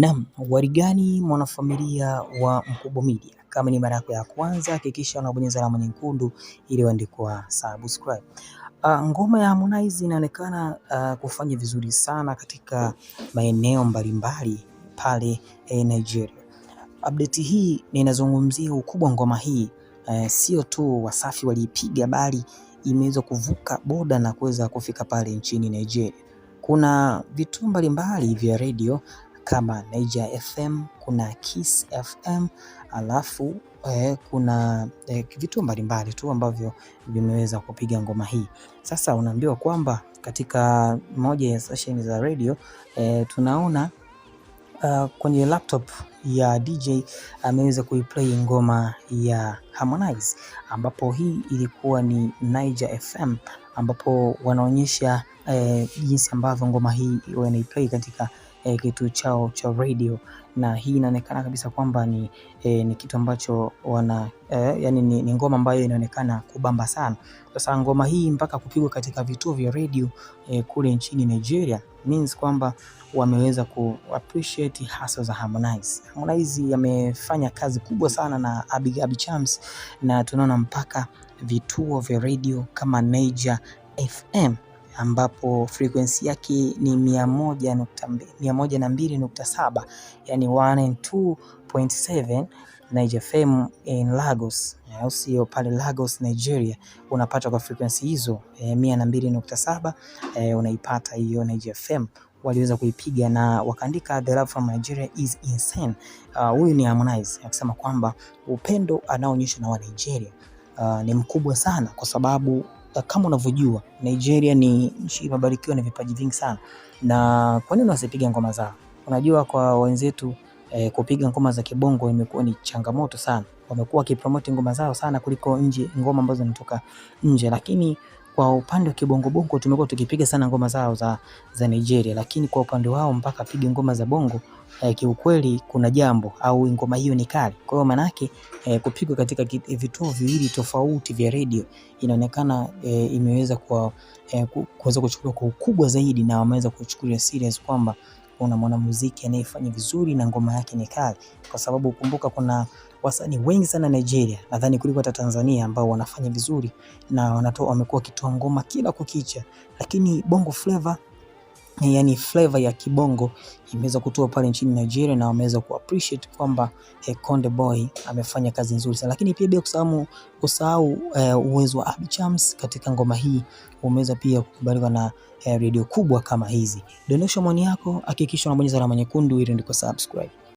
Naam, warigani gani mwanafamilia wa Mkubwa Media? Kama ni mara yako ya kwanza, hakikisha unabonyeza alama nyekundu iliyoandikwa subscribe. Uh, ngoma ya Harmonize inaonekana uh, kufanya vizuri sana katika maeneo mbalimbali pale eh, Nigeria. Update hii ninazungumzia ukubwa ngoma hii uh, sio tu Wasafi waliipiga bali imeweza kuvuka boda na kuweza kufika pale nchini Nigeria. Kuna vituo mbalimbali vya redio kama Niger FM, kuna Kiss FM, alafu eh, kuna eh, vituo mbalimbali tu ambavyo vimeweza kupiga ngoma hii. Sasa unaambiwa kwamba katika moja ya stesheni za radio eh, tunaona uh, kwenye laptop ya DJ ameweza kuiplay ngoma ya Harmonize, ambapo hii ilikuwa ni Niger FM, ambapo wanaonyesha eh, jinsi ambavyo ngoma hii wanaiplay katika e, kitu chao cha radio, na hii inaonekana kabisa kwamba ni, e, ni kitu ambacho wana e, yani ni, ni ngoma ambayo inaonekana kubamba sana. Sasa ngoma hii mpaka kupigwa katika vituo vya radio e, kule nchini Nigeria means kwamba wameweza ku appreciate hasa za Harmonize. Harmonize yamefanya kazi kubwa sana na Abi, Abi Chams na tunaona mpaka vituo vya radio kama Niger FM ambapo frequency yake ni 102.7 yani 102.7 Niger FM in Lagos au sio? Pale Lagos Nigeria unapata kwa frequency hizo e, 102.7 e, unaipata hiyo Niger FM waliweza kuipiga na wakaandika the love from Nigeria is insane. Ah, huyu uh, ni Harmonize akisema kwamba upendo anaoonyesha na wa Nigeria uh, ah, ni mkubwa sana kwa sababu kama unavyojua Nigeria ni nchi imebarikiwa na vipaji vingi sana, na kwa nini wasipiga ngoma zao? Unajua, kwa wenzetu eh, kupiga ngoma za kibongo imekuwa ni changamoto sana. Wamekuwa wakipromoti ngoma zao sana kuliko nje, ngoma ambazo zinatoka nje, lakini kwa upande wa kibongobongo tumekuwa tukipiga sana ngoma zao za, za Nigeria, lakini kwa upande wao mpaka pige ngoma za bongo eh, kiukweli kuna jambo au ngoma hiyo ni kali. Kwa hiyo manake eh, kupigwa katika vituo viwili tofauti vya redio inaonekana eh, imeweza eh, kuweza eh, kuchukuliwa kwa ukubwa zaidi na wameweza kuchukulia serious kwamba una mwanamuziki anayefanya vizuri na ngoma yake ni kali, kwa sababu kumbuka, kuna wasanii wengi sana Nigeria, nadhani kuliko hata Tanzania, ambao wanafanya vizuri na wanatoa, wamekuwa wakitoa ngoma kila kukicha, lakini Bongo Flava yani flavor ya kibongo imeweza kutua pale nchini Nigeria na wameweza kuappreciate kwamba eh, Konde Boy amefanya kazi nzuri sana, lakini pia bila kusahau kusahau eh, uwezo wa Abby Chams katika ngoma hii umeweza pia kukubaliwa na eh, redio kubwa kama hizi. Donesha maoni yako, hakikisha unabonyeza alama nyekundu ili ndiko subscribe.